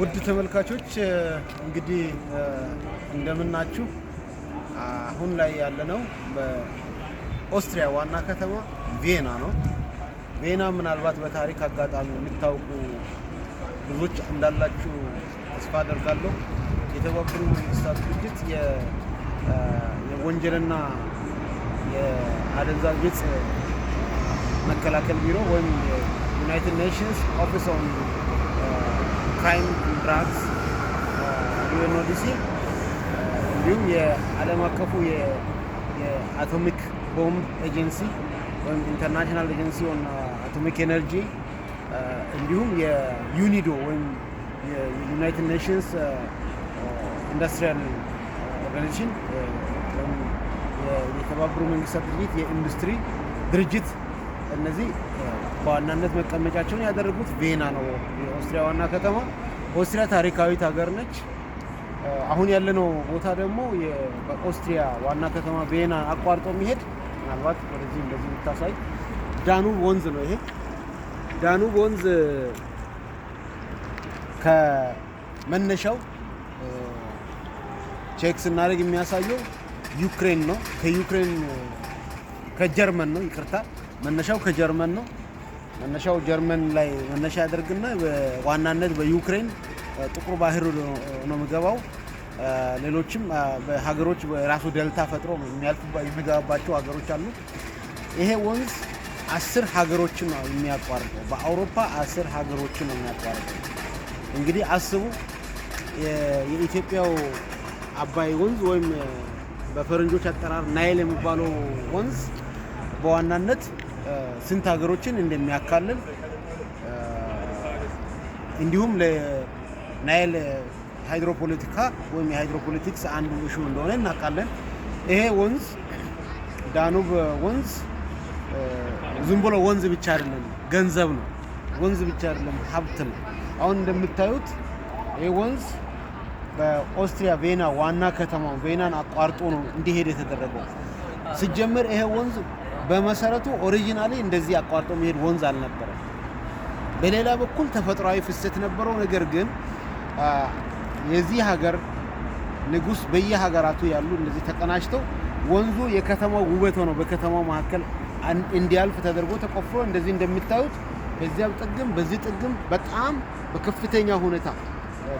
ውድ ተመልካቾች እንግዲህ እንደምናችሁ አሁን ላይ ያለነው በኦስትሪያ ዋና ከተማ ቪየና ነው። ቪየና ምናልባት በታሪክ አጋጣሚ የሚታወቁ ብዙዎች እንዳላችሁ ተስፋ አደርጋለሁ። የተባበሩ መንግስታት ድርጅት የወንጀልና የአደንዛዥ ዕፅ መከላከል ቢሮ ወይም ዩናይትድ ኔሽንስ ኦፊስ ኦን ክራይም ድራግስ ዩኤንኦዲሲ እንዲሁም የዓለም አቀፉ የአቶሚክ ቦምብ ኤጀንሲ ወይም ኢንተርናሽናል ኤጀንሲ ኦን አቶሚክ ኤነርጂ እንዲሁም የዩኒዶ ወይም የዩናይትድ ኔሽንስ ኢንዱስትሪያል ኦርጋኒዜሽን የተባበሩ መንግስታት ድርጅት የኢንዱስትሪ ድርጅት እነዚህ በዋናነት መቀመጫቸውን ያደረጉት ቬና ነው፣ የኦስትሪያ ዋና ከተማ። ኦስትሪያ ታሪካዊት ሀገር ነች። አሁን ያለነው ቦታ ደግሞ በኦስትሪያ ዋና ከተማ ቬና አቋርጦ የሚሄድ ምናልባት ወደዚህ እንደዚህ የምታሳይ ዳኑብ ወንዝ ነው። ይሄ ዳኑብ ወንዝ ከመነሻው ቼክ ስናደርግ የሚያሳየው ዩክሬን ነው። ከዩክሬን ከጀርመን ነው፣ ይቅርታ መነሻው ከጀርመን ነው። መነሻው ጀርመን ላይ መነሻ ያደርግና በዋናነት በዩክሬን ጥቁር ባህር ነው የሚገባው። ሌሎችም ሀገሮች ራሱ ደልታ ፈጥሮ የሚገባባቸው ሀገሮች አሉ። ይሄ ወንዝ አስር ሀገሮችን ነው የሚያቋርጠው። በአውሮፓ አስር ሀገሮችን ነው የሚያቋርጠው። እንግዲህ አስቡ የኢትዮጵያው አባይ ወንዝ ወይም በፈረንጆች አጠራር ናይል የሚባለው ወንዝ በዋናነት ስንት ሀገሮችን እንደሚያካልል እንዲሁም ለናይል ሃይድሮፖለቲካ ወይም የሃይድሮፖለቲክስ አንዱ እሹ እንደሆነ እናውቃለን። ይሄ ወንዝ ዳኑብ ወንዝ ዝም ብሎ ወንዝ ብቻ አይደለም፣ ገንዘብ ነው። ወንዝ ብቻ አይደለም፣ ሀብት ነው። አሁን እንደምታዩት ይህ ወንዝ በኦስትሪያ ቬና ዋና ከተማው ቬናን አቋርጦ ነው እንዲሄድ የተደረገው። ሲጀምር ይሄ ወንዝ በመሰረቱ ኦሪጂናሊ እንደዚህ አቋርጦ መሄድ ወንዝ አልነበረም። በሌላ በኩል ተፈጥሯዊ ፍሰት ነበረው። ነገር ግን የዚህ ሀገር ንጉስ በየሀገራቱ ያሉ እንደዚህ ተቀናጅተው ወንዙ የከተማው ውበት ሆነው በከተማው መካከል እንዲያልፍ ተደርጎ ተቆፍሮ እንደዚህ እንደምታዩት በዚያም ጥግም በዚህ ጥግም በጣም በከፍተኛ ሁኔታ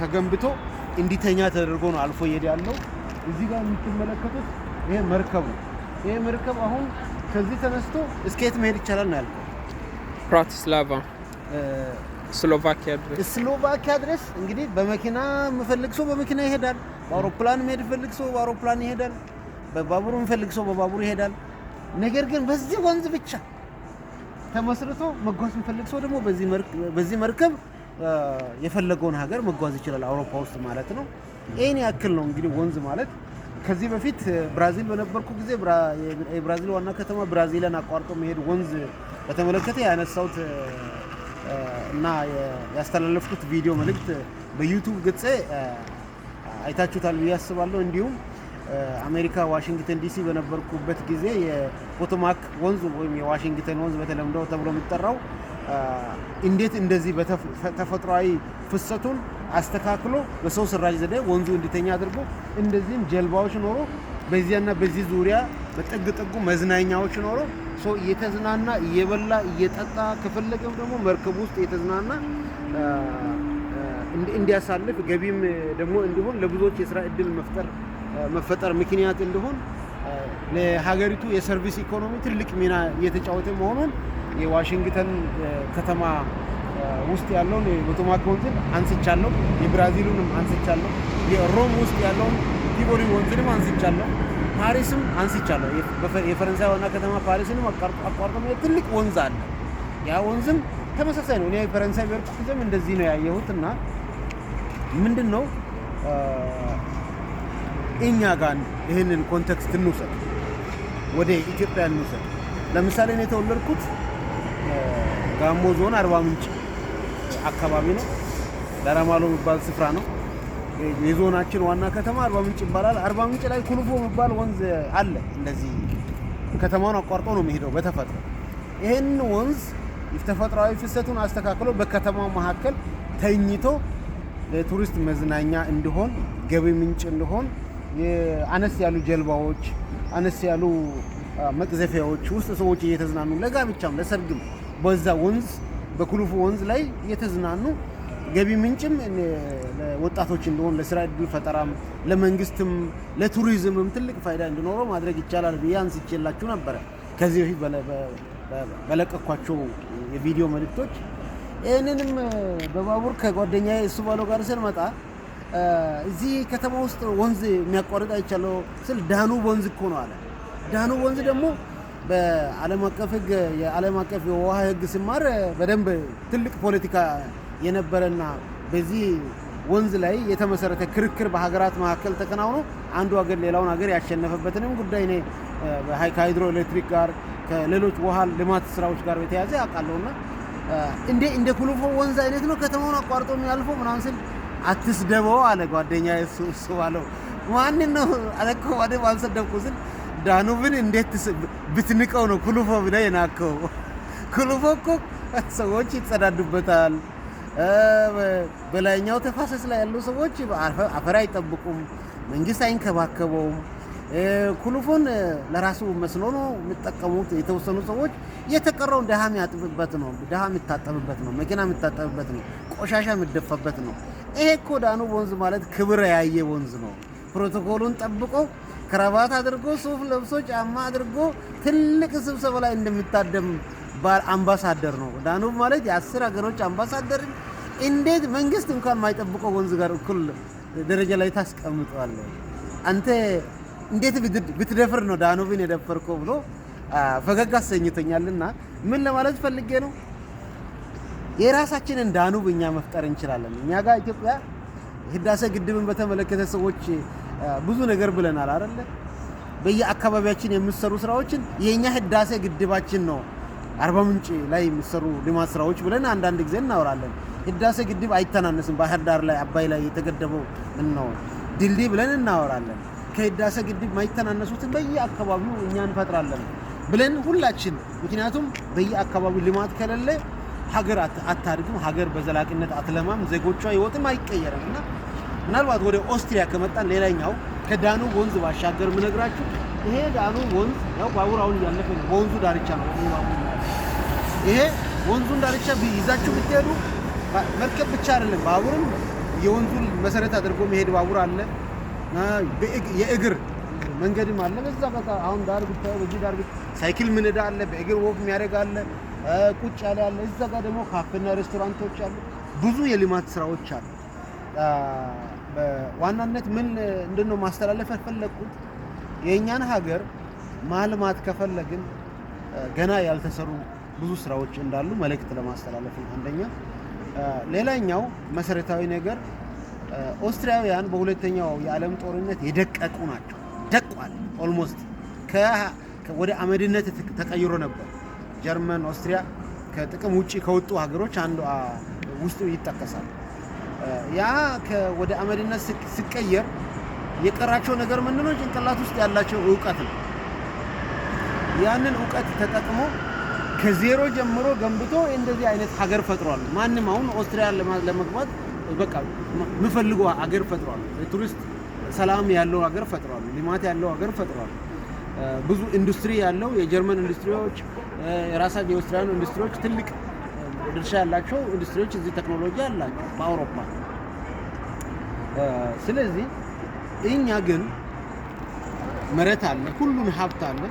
ተገንብቶ እንዲተኛ ተደርጎ ነው አልፎ እየሄደ ያለው። እዚህ ጋር የምትመለከቱት ይሄ መርከብ ነው። ይሄ መርከብ አሁን ከዚህ ተነስቶ እስከ መሄድ ይቻላል ነው ያልኩት። ብራቲስላቫ ስሎቫኪያ ድረስ ስሎቫኪያ ድረስ እንግዲህ በመኪና የምፈልግ ሰው በመኪና ይሄዳል። በአውሮፕላን መሄድ ፈልግ ሰው በአውሮፕላን ይሄዳል። በባቡር የምፈልግ ሰው በባቡር ይሄዳል። ነገር ግን በዚህ ወንዝ ብቻ ተመስርቶ መጓዝ የሚፈልግ ሰው ደግሞ በዚህ መርከብ የፈለገውን ሀገር መጓዝ ይችላል። አውሮፓ ውስጥ ማለት ነው። ይህን ያክል ነው እንግዲህ ወንዝ ማለት ከዚህ በፊት ብራዚል በነበርኩ ጊዜ የብራዚል ዋና ከተማ ብራዚልን አቋርጦ መሄድ ወንዝ በተመለከተ ያነሳውት እና ያስተላለፍኩት ቪዲዮ መልእክት በዩቱብ ገጼ አይታችሁታል ብዬ አስባለሁ። እንዲሁም አሜሪካ ዋሽንግተን ዲሲ በነበርኩበት ጊዜ የፖቶማክ ወንዝ ወይም የዋሽንግተን ወንዝ በተለምዶ ተብሎ የሚጠራው እንዴት እንደዚህ ተፈጥሯዊ ፍሰቱን አስተካክሎ በሰው ሰራሽ ዘዴ ወንዙ እንዲተኛ አድርጎ እንደዚህም ጀልባዎች ኖሮ በዚያና በዚህ ዙሪያ በጥግ ጥጉ መዝናኛዎች ኖሮ ሰው እየተዝናና እየበላ እየጠጣ ከፈለገም ደግሞ መርከብ ውስጥ እየተዝናና እንዲያሳልፍ ገቢም ደግሞ እንዲሆን ለብዙዎች የስራ እድል መፍጠር መፈጠር ምክንያት እንዲሆን ለሀገሪቱ የሰርቪስ ኢኮኖሚ ትልቅ ሚና እየተጫወተ መሆኑን የዋሽንግተን ከተማ ውስጥ ያለውን የቦቶማክ ወንዝን አንስቻለሁ፣ የብራዚሉንም አንስቻለሁ፣ የሮም ውስጥ ያለውን ቲቦሪ ወንዝንም አንስቻለሁ፣ ፓሪስም አንስቻለሁ። የፈረንሳይ ዋና ከተማ ፓሪስንም አቋርጦ ትልቅ ወንዝ አለ። ያ ወንዝም ተመሳሳይ ነው። እኔ ፈረንሳይ በርኩ ጊዜም እንደዚህ ነው ያየሁት እና ምንድን ነው እኛ ጋር ይህንን ኮንቴክስት እንውሰድ፣ ወደ ኢትዮጵያ እንውሰድ። ለምሳሌ እኔ የተወለድኩት ጋሞ ዞን አርባ ምንጭ አካባቢ ነው። ለረማሎ የሚባል ስፍራ ነው። የዞናችን ዋና ከተማ አርባ ምንጭ ይባላል። አርባ ምንጭ ላይ ኩልፎ የሚባል ወንዝ አለ። እንደዚህ ከተማውን አቋርጦ ነው የሚሄደው በተፈጥሮ። ይህን ወንዝ ተፈጥሯዊ ፍሰቱን አስተካክሎ በከተማው መካከል ተኝቶ ለቱሪስት መዝናኛ እንዲሆን፣ ገቢ ምንጭ እንዲሆን አነስ ያሉ ጀልባዎች፣ አነስ ያሉ መቅዘፊያዎች ውስጥ ሰዎች እየተዝናኑ ለጋብቻም ለሰርግም በዛ ወንዝ በኩልፎ ወንዝ ላይ እየተዝናኑ ገቢ ምንጭም ወጣቶች እንደሆን ለስራ እድል ፈጠራም ለመንግስትም ለቱሪዝምም ትልቅ ፋይዳ እንዲኖረው ማድረግ ይቻላል ብዬ አንስቼላችሁ ነበረ። ከዚህ በፊት በለቀኳቸው የቪዲዮ መልእክቶች ይህንንም በባቡር ከጓደኛ እሱ ባለው ጋር ስንመጣ እዚህ ከተማ ውስጥ ወንዝ የሚያቋርጥ አይቻለው ስል ዳኑብ ወንዝ እኮ ነው አለ። ዳኑብ ወንዝ ደግሞ በዓለም አቀፍ ህግ የዓለም አቀፍ የውሃ ህግ ሲማር በደንብ ትልቅ ፖለቲካ የነበረና በዚህ ወንዝ ላይ የተመሰረተ ክርክር በሀገራት መካከል ተከናውኖ አንዱ ሀገር ሌላውን ሀገር ያሸነፈበትንም ጉዳይ እኔ ከሃይድሮ ኤሌክትሪክ ጋር ከሌሎች ውሃ ልማት ስራዎች ጋር በተያያዘ አውቃለሁና እንደ እንደ ኩልፎ ወንዝ አይነት ነው ከተማውን አቋርጦ የሚያልፈው ምናምን ስል አትስደበው አለ ጓደኛ እሱ ባለው ማንን ነው አለኮ ባደ ባልሰደብኩ ስል ዳኑብን እንዴት ብትንቀው ነው ኩሉፎ ብለህ የናከው? ኩሉፎ እኮ ሰዎች ይጸዳዱበታል። በላይኛው ተፋሰስ ላይ ያሉ ሰዎች አፈር አይጠብቁም፣ መንግስት አይንከባከበውም። ኩሉፎን ለራሱ መስኖ ነው የሚጠቀሙት የተወሰኑ ሰዎች፣ የተቀረው ድሃ የሚያጥብበት ነው፣ ድሃ የሚታጠብበት ነው፣ መኪና የሚታጠብበት ነው፣ ቆሻሻ የሚደፋበት ነው። ይሄ እኮ ዳኑብ ወንዝ ማለት ክብር ያየ ወንዝ ነው። ፕሮቶኮሉን ጠብቆ ክራባት አድርጎ ሱፍ ለብሶ ጫማ አድርጎ ትልቅ ስብሰባ ላይ እንደሚታደም አምባሳደር ነው። ዳኑብ ማለት የአስር ሀገሮች አምባሳደር እንዴት መንግስት እንኳን ማይጠብቀው ወንዝ ጋር እኩል ደረጃ ላይ ታስቀምጠዋለ? አንተ እንዴት ብትደፍር ነው ዳኑብን የደፈርከው ብሎ ፈገግ አሰኝቶኛልና ምን ለማለት ፈልጌ ነው፣ የራሳችንን ዳኑብ እኛ መፍጠር እንችላለን። እኛ ጋር ኢትዮጵያ ህዳሴ ግድብን በተመለከተ ሰዎች ብዙ ነገር ብለናል አይደለ? በየአካባቢያችን የሚሰሩ ስራዎችን የኛ ህዳሴ ግድባችን ነው። አርባ ምንጭ ላይ የሚሰሩ ልማት ስራዎች ብለን አንዳንድ ጊዜ እናወራለን። ህዳሴ ግድብ አይተናነስም። ባህር ዳር ላይ አባይ ላይ የተገደበው ነው ድልድይ ብለን እናወራለን። ከህዳሴ ግድብ ማይተናነሱትን በየአካባቢው እኛ እንፈጥራለን ብለን ሁላችን። ምክንያቱም በየአካባቢው ልማት ከሌለ ሀገር አታድግም፣ ሀገር በዘላቂነት አትለማም፣ ዜጎቿ ህይወትም አይቀየርም እና ምናልባት ወደ ኦስትሪያ ከመጣን ሌላኛው ከዳኑ ወንዝ ባሻገር ምነግራችሁ ይሄ ዳኑ ወንዝ ያው ባቡር አሁን እያለፈ ነው። በወንዙ ዳርቻ ነው ባቡር። ይሄ ወንዙን ዳርቻ ይዛችሁ ብትሄዱ መርከብ ብቻ አይደለም ባቡርም የወንዙን መሰረት አድርጎ መሄድ ባቡር አለ፣ የእግር መንገድም አለ። በዛ በቃ አሁን ዳር ብታዩ በዚህ ዳር ሳይክል ምንዳ አለ፣ በእግር ወፍ የሚያደርግ አለ፣ ቁጭ ያለ አለ። እዛ ጋር ደግሞ ካፌና ሬስቶራንቶች አሉ። ብዙ የልማት ስራዎች አሉ። ዋናነት ምን እንድነው ማስተላለፍ ያልፈለግኩት የእኛን ሀገር ማልማት ከፈለግን ገና ያልተሰሩ ብዙ ስራዎች እንዳሉ መልእክት ለማስተላለፍ ነው። አንደኛ። ሌላኛው መሰረታዊ ነገር ኦስትሪያውያን በሁለተኛው የዓለም ጦርነት የደቀቁ ናቸው። ደቋል። ኦልሞስት ወደ አመድነት ተቀይሮ ነበር። ጀርመን፣ ኦስትሪያ ከጥቅም ውጭ ከወጡ ሀገሮች አንዱ ውስጡ ይጠቀሳል። ያ ወደ አመድነት ሲቀየር የቀራቸው ነገር ምንድነው? ጭንቅላት ውስጥ ያላቸው እውቀት ነው። ያንን እውቀት ተጠቅሞ ከዜሮ ጀምሮ ገንብቶ እንደዚህ አይነት ሀገር ፈጥሯል። ማንም አሁን ኦስትሪያ ለመግባት በቃ የምፈልገው ሀገር ፈጥሯል። ቱሪስት ሰላም ያለው ሀገር ፈጥሯል። ልማት ያለው ሀገር ፈጥሯል። ብዙ ኢንዱስትሪ ያለው የጀርመን ኢንዱስትሪዎች፣ የራሳቸው የኦስትሪያን ኢንዱስትሪዎች ትልቅ ድርሻ ያላቸው ኢንዱስትሪዎች እዚህ ቴክኖሎጂ አላቸው በአውሮፓ። ስለዚህ እኛ ግን መሬት አለ፣ ሁሉን ሀብት አለ።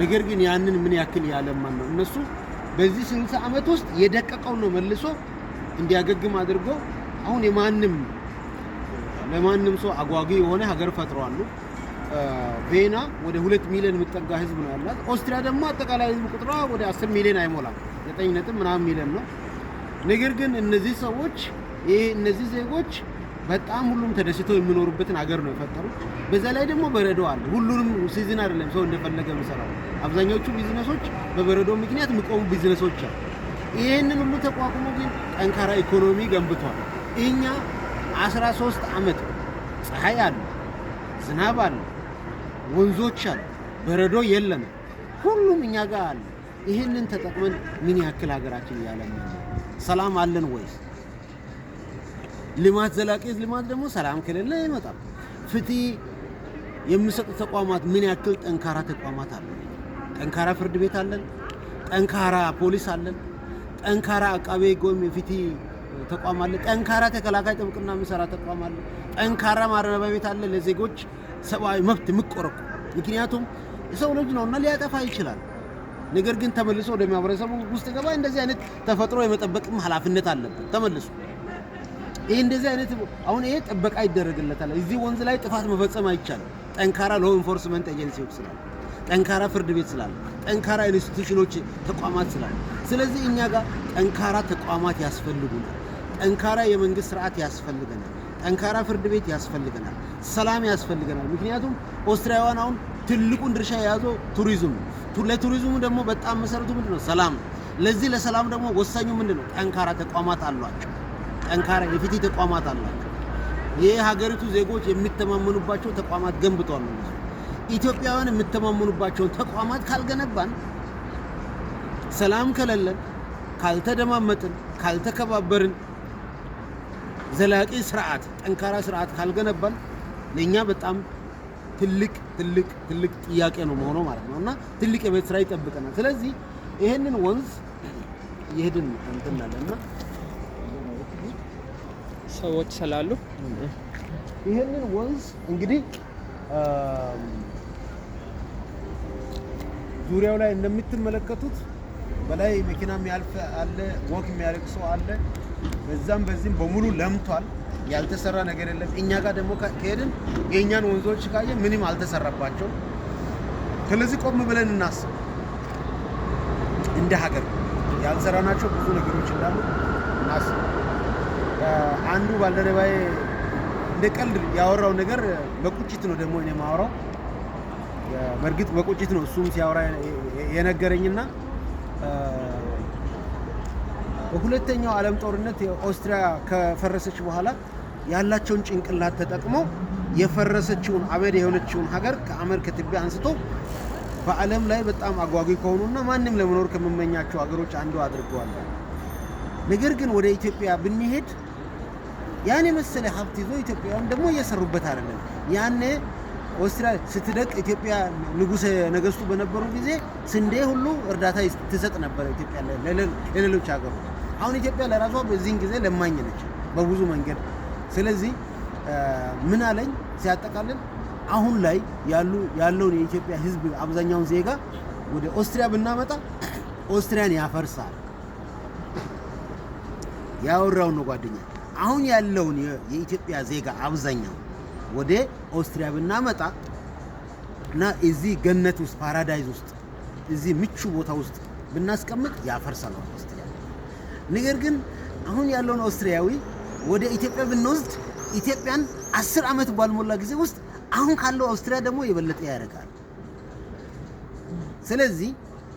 ነገር ግን ያንን ምን ያክል ያለማን ነው። እነሱ በዚህ ስልሳ ዓመት ውስጥ የደቀቀው ነው መልሶ እንዲያገግም አድርጎ አሁን የማንም ለማንም ሰው አጓጊ የሆነ ሀገር ፈጥሯሉ። ቬና ወደ ሁለት ሚሊዮን የሚጠጋ ህዝብ ነው ያላት። ኦስትሪያ ደግሞ አጠቃላይ ህዝብ ቁጥሯ ወደ አስር ሚሊዮን አይሞላም። ዘጠኝ ነጥብ ምናምን የሚለን ነው። ነገር ግን እነዚህ ሰዎች ይሄ እነዚህ ዜጎች በጣም ሁሉም ተደስተው የሚኖሩበትን ሀገር ነው የፈጠሩት። በዛ ላይ ደግሞ በረዶ አለ። ሁሉንም ሲዝን አይደለም ሰው እንደፈለገ የሚሰራው። አብዛኛዎቹ ቢዝነሶች በበረዶ ምክንያት የሚቆሙ ቢዝነሶች አሉ። ይህንን ሁሉ ተቋቁሞ ግን ጠንካራ ኢኮኖሚ ገንብቷል። እኛ 13 ዓመት ፀሐይ አለ፣ ዝናብ አለ፣ ወንዞች አለ፣ በረዶ የለም። ሁሉም እኛ ጋር አለ። ይህንን ተጠቅመን ምን ያክል ሀገራችን እያለን ሰላም አለን ወይስ? ልማት ዘላቂ ልማት ደግሞ ሰላም ከሌለ ይመጣል። ፍትህ የሚሰጡ ተቋማት ምን ያክል ጠንካራ ተቋማት አሉ? ጠንካራ ፍርድ ቤት አለን? ጠንካራ ፖሊስ አለን? ጠንካራ አቃቤ ሕግ የፍትህ ተቋም አለ? ጠንካራ ተከላካይ ጥብቅና የሚሰራ ተቋም አለ? ጠንካራ ማረሚያ ቤት አለ? ለዜጎች ሰብአዊ መብት የሚቆረቁ ምክንያቱም የሰው ልጅ ነውና ሊያጠፋ ይችላል። ነገር ግን ተመልሶ ወደ ማህበረሰቡ ውስጥ ገባ። እንደዚህ አይነት ተፈጥሮ የመጠበቅም ኃላፊነት አለበት ተመልሶ ይሄ እንደዚህ አይነት አሁን ይሄ ጥበቃ ይደረግለታል። እዚህ ወንዝ ላይ ጥፋት መፈጸም አይቻልም። ጠንካራ ሎ ኢንፎርስመንት ኤጀንሲዎች ስላሉ፣ ጠንካራ ፍርድ ቤት ስላሉ፣ ጠንካራ ኢንስቲቱሽኖች ተቋማት ስላሉ፣ ስለዚህ እኛ ጋር ጠንካራ ተቋማት ያስፈልጉናል። ጠንካራ የመንግስት ስርዓት ያስፈልገናል። ጠንካራ ፍርድ ቤት ያስፈልገናል። ሰላም ያስፈልገናል። ምክንያቱም ኦስትሪያውያን አሁን ትልቁን ድርሻ የያዘው ቱሪዝም ነው። ለቱሪዝሙ ደግሞ በጣም መሰረቱ ምንድን ነው? ሰላም ነው። ለዚህ ለሰላም ደግሞ ወሳኙ ምንድን ነው? ጠንካራ ተቋማት አሏቸው። ጠንካራ የፍትህ ተቋማት አሏቸው። የሀገሪቱ ዜጎች የሚተማመኑባቸው ተቋማት ገንብቷል። ኢትዮጵያውያን የሚተማመኑባቸውን ተቋማት ካልገነባን፣ ሰላም ከሌለን፣ ካልተደማመጥን፣ ካልተከባበርን፣ ዘላቂ ስርዓት፣ ጠንካራ ስርዓት ካልገነባን ለእኛ በጣም ትልቅ ትልቅ ትልቅ ጥያቄ ነው መሆኑ ማለት ነው እና ትልቅ የቤት ስራ ይጠብቀናል። ስለዚህ ይህንን ወንዝ ይሄድን እንትናለና ሰዎች ስላሉ ይህንን ወንዝ እንግዲህ ዙሪያው ላይ እንደምትመለከቱት በላይ መኪና የሚያልፍ አለ፣ ወክ የሚያደርግ ሰው አለ። በዛም በዚህም በሙሉ ለምቷል። ያልተሰራ ነገር የለም። እኛ ጋር ደግሞ ከሄድን የእኛን ወንዞች ካየ ምንም አልተሰራባቸው። ስለዚህ ቆም ብለን እናስብ። እንደ ሀገር ያልሰራናቸው ብዙ ነገሮች እንዳሉ እናስብ። አንዱ ባልደረባዬ እንደ ቀልድ ያወራው ነገር በቁጭት ነው ደግሞ እኔ የማወራው በእርግጥ በቁጭት ነው እሱም ሲያወራ የነገረኝና በሁለተኛው ዓለም ጦርነት ኦስትሪያ ከፈረሰች በኋላ ያላቸውን ጭንቅላት ተጠቅመው የፈረሰችውን አበድ የሆነችውን ሀገር ከአመድ ከትቢያ አንስቶ በዓለም ላይ በጣም አጓጊ ከሆኑና ማንም ለመኖር ከምመኛቸው ሀገሮች አንዱ አድርገዋል። ነገር ግን ወደ ኢትዮጵያ ብንሄድ ያን የመሰለ ሀብት ይዞ ኢትዮጵያውያን ደግሞ እየሰሩበት አይደለም። ያኔ ኦስትሪያ ስትደቅ ኢትዮጵያ ንጉሰ ነገስቱ በነበሩ ጊዜ ስንዴ ሁሉ እርዳታ ትሰጥ ነበረ ኢትዮጵያ ለሌሎች ሀገሮች። አሁን ኢትዮጵያ ለራሷ በዚህን ጊዜ ለማኝ ነች በብዙ መንገድ ስለዚህ ምን አለኝ ሲያጠቃልል አሁን ላይ ያሉ ያለውን የኢትዮጵያ ህዝብ አብዛኛውን ዜጋ ወደ ኦስትሪያ ብናመጣ ኦስትሪያን ያፈርሳል። ያወራው ነው ጓደኛ። አሁን ያለውን የኢትዮጵያ ዜጋ አብዛኛው ወደ ኦስትሪያ ብናመጣ እና እዚህ ገነት ውስጥ ፓራዳይዝ ውስጥ እዚህ ምቹ ቦታ ውስጥ ብናስቀምጥ ያፈርሳል ኦስትሪያ። ነገር ግን አሁን ያለውን ኦስትሪያዊ ወደ ኢትዮጵያ ብንወስድ ኢትዮጵያን አስር ዓመት ባልሞላ ጊዜ ውስጥ አሁን ካለው አውስትሪያ ደግሞ የበለጠ ያደርጋል። ስለዚህ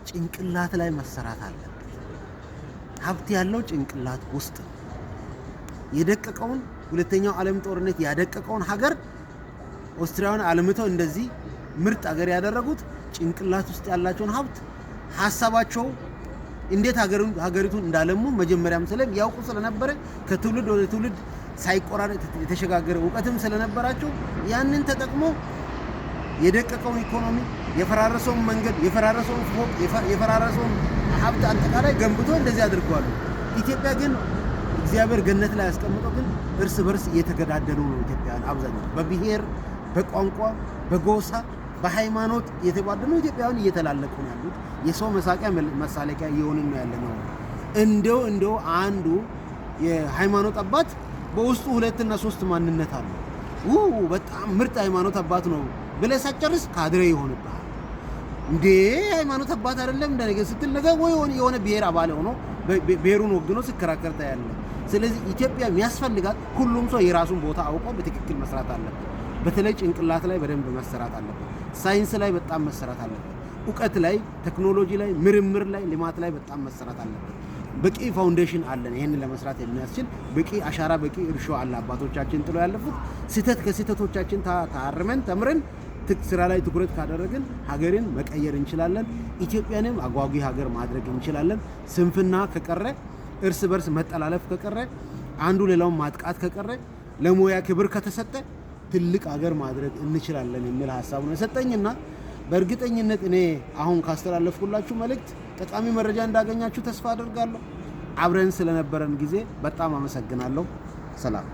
ጭንቅላት ላይ መሰራት አለበት። ሀብት ያለው ጭንቅላት ውስጥ ነው። የደቀቀውን ሁለተኛው ዓለም ጦርነት ያደቀቀውን ሀገር ኦስትሪያውን አልምተው እንደዚህ ምርጥ ሀገር ያደረጉት ጭንቅላት ውስጥ ያላቸውን ሀብት ሀሳባቸው እንዴት ሀገሪቱን እንዳለሙ መጀመሪያም ስለም ያውቁ ስለነበረ ከትውልድ ወደ ትውልድ ሳይቆራረጥ የተሸጋገረ እውቀትም ስለነበራቸው ያንን ተጠቅሞ የደቀቀውን ኢኮኖሚ፣ የፈራረሰውን መንገድ፣ የፈራረሰውን ፎቅ፣ የፈራረሰውን ሀብት አጠቃላይ ገንብቶ እንደዚህ አድርገዋሉ። ኢትዮጵያ ግን እግዚአብሔር ገነት ላይ ያስቀምጠው ግን እርስ በርስ እየተገዳደሉ ነው። ኢትዮጵያን አብዛኛው በብሔር በቋንቋ በጎሳ በሃይማኖት የተጓደኑ ኢትዮጵያውያን እየተላለቁ ነው ያሉት። የሰው መሳቂያ መሳለቂያ እየሆንን ነው ያለ ነው። እንደው እንደው አንዱ የሃይማኖት አባት በውስጡ ሁለትና ሶስት ማንነት አለ። ው በጣም ምርጥ ሃይማኖት አባት ነው ብለህ ሳጨርስ ካድሬ ይሆንብሃል። እንዴ ሃይማኖት አባት አይደለም እንደ ነገር ስትል ነገ ወይ የሆነ ብሔር አባል ሆኖ ብሔሩን ወግኖ ሲከራከር ያለ። ስለዚህ ኢትዮጵያ የሚያስፈልጋት ሁሉም ሰው የራሱን ቦታ አውቆ በትክክል መስራት አለበት። በተለይ ጭንቅላት ላይ በደንብ መሰራት አለበት። ሳይንስ ላይ በጣም መሰራት አለበት። እውቀት ላይ፣ ቴክኖሎጂ ላይ፣ ምርምር ላይ፣ ልማት ላይ በጣም መሰራት አለበት። በቂ ፋውንዴሽን አለን። ይህን ለመስራት የሚያስችል በቂ አሻራ፣ በቂ እርሾ አለ። አባቶቻችን ጥሎ ያለፉት ስህተት ከስህተቶቻችን ታርመን ተምረን ስራ ላይ ትኩረት ካደረግን ሀገርን መቀየር እንችላለን። ኢትዮጵያንም አጓጊ ሀገር ማድረግ እንችላለን። ስንፍና ከቀረ፣ እርስ በርስ መጠላለፍ ከቀረ፣ አንዱ ሌላውን ማጥቃት ከቀረ፣ ለሙያ ክብር ከተሰጠ ትልቅ ሀገር ማድረግ እንችላለን የሚል ሀሳብ ነው የሰጠኝና በእርግጠኝነት እኔ አሁን ካስተላለፍኩላችሁ መልእክት ጠቃሚ መረጃ እንዳገኛችሁ ተስፋ አድርጋለሁ። አብረን ስለነበረን ጊዜ በጣም አመሰግናለሁ። ሰላም